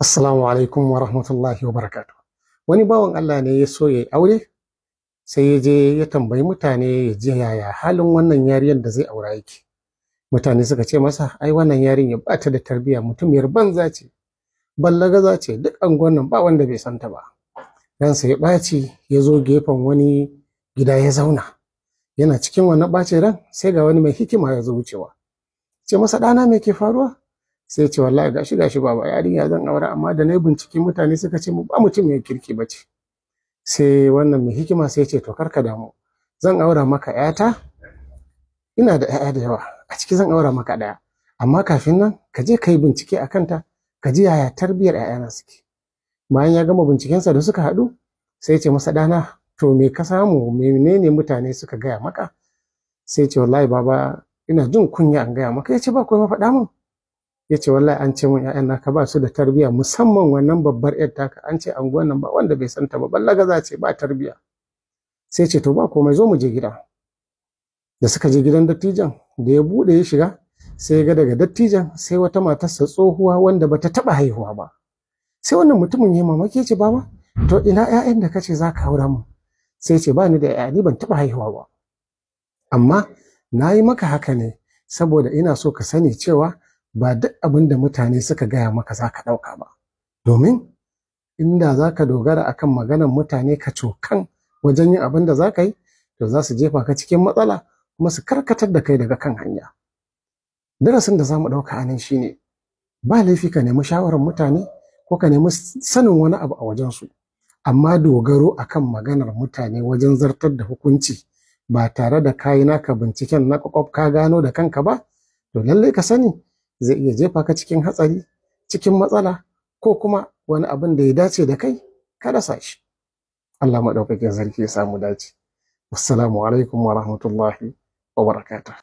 Assalamu alaikum wa rahmatullahi wa barakatu. Wani bawan Allah ne ya so ya yi aure, sai ya je ya tambayi mutane ya je yaya halin wannan yariyar da zai aura yake. Mutane suka ce masa, ai wannan yarin ya bata da tarbiyya mutumiyar banza ce, ballagaza ce duk anguwan nan ba wanda bai santa ba. Ransa ya ɓaci ya zo gefen wani gida ya zauna. Yana cikin wannan ɓacin ran sai ga wani mai hikima ya zo wucewa. Ce masa ɗana me ke faruwa? sai ce wallahi gashi gashi baba yarinya zan aure. amma da na bincike mutane suka ce mu ba mutum mai kirki bace sai wannan mai hikima sai ce to karka damu zan aure maka yata ina da yaya da yawa a ciki zan aure maka daya amma kafin nan ka je kai bincike a kanta ka ji yaya tarbiyar yayana suke bayan ya gama binciken sa da suka haɗu sai ce masa dana to me ka samu menene mutane suka gaya maka sai ce wallahi baba ina jin kunya an gaya maka ya ce ba komai faɗa min ya ce wallahi an ce mun ya'yan naka ba su da tarbiya musamman wannan babbar yar taka an ce anguwan nan ba wanda bai santa ba ballaga za ce ba tarbiya sai ce to ba komai zo mu je gida da suka je gidan dattijan da ya bude ya shiga sai ya ga daga dattijan sai wata matarsa tsohuwa wanda bata taba haihuwa ba sai wannan mutumin ya mamaki ce baba to ina yayan da kace za ka haura mu sai ce ba ni da 'yaya ni ban taba haihuwa ba amma na yi maka haka ne saboda ina so ka sani cewa ba duk abin da mutane suka gaya maka za ka ɗauka ba domin inda za ka dogara akan maganar mutane ka cokan wajen yin abin da za ka yi to za su jefa ka cikin matsala kuma su karkatar da kai daga kan hanya darasin da za mu ɗauka a nan ne, ba laifi ka nemi shawarar mutane ko ka nemi sanin wani abu a wajensu amma dogaro akan maganar mutane wajen zartar da hukunci ba tare da kayi naka binciken na kwakwaf ka gano da kanka ba to lallai ka sani zai iya jefa ka cikin hatsari cikin matsala ko kuma wani abin da ya dace da kai ka rasa shi Allah maɗaukakin sarki ya samu dace assalamu alaikum wa rahmatullahi wa barakatuh